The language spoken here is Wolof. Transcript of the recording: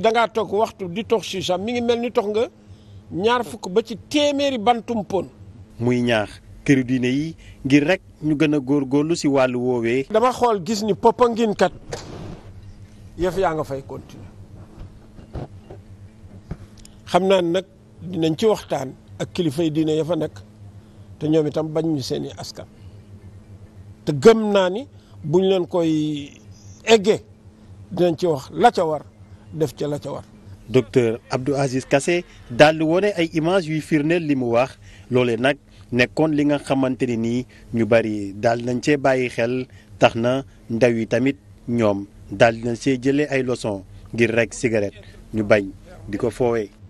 kii toog waxtu di tox chicha mu ngi mel ni tox nga ñaar fukk ba ci téeméeri bantum pon muy ñaax këru diine yi ngir rekk ñu gën a góorlu si wàllu woowee. dama xool gis ni Popenguine kat yëf yaa nga fay continuer xam naa ni nag dinañ ci waxtaan ak kilifay diine ya nekk te ñoom itam bañ ñu seeni askan te gëm naa ni buñ leen koy eggee dinañ ci wax la ca war. def ca la ca war. docteur Abdou Aziz Kassé daal di wone ay image yuy firndeel li mu wax loole nag nekkoon li nga xamante ne nii ñu bari daal nañ cee bàyyi xel tax na ndaw yi tamit ñoom daal di nañ cee jëlee ay loson ngir rek cigarette ñu bañ di ko foowee.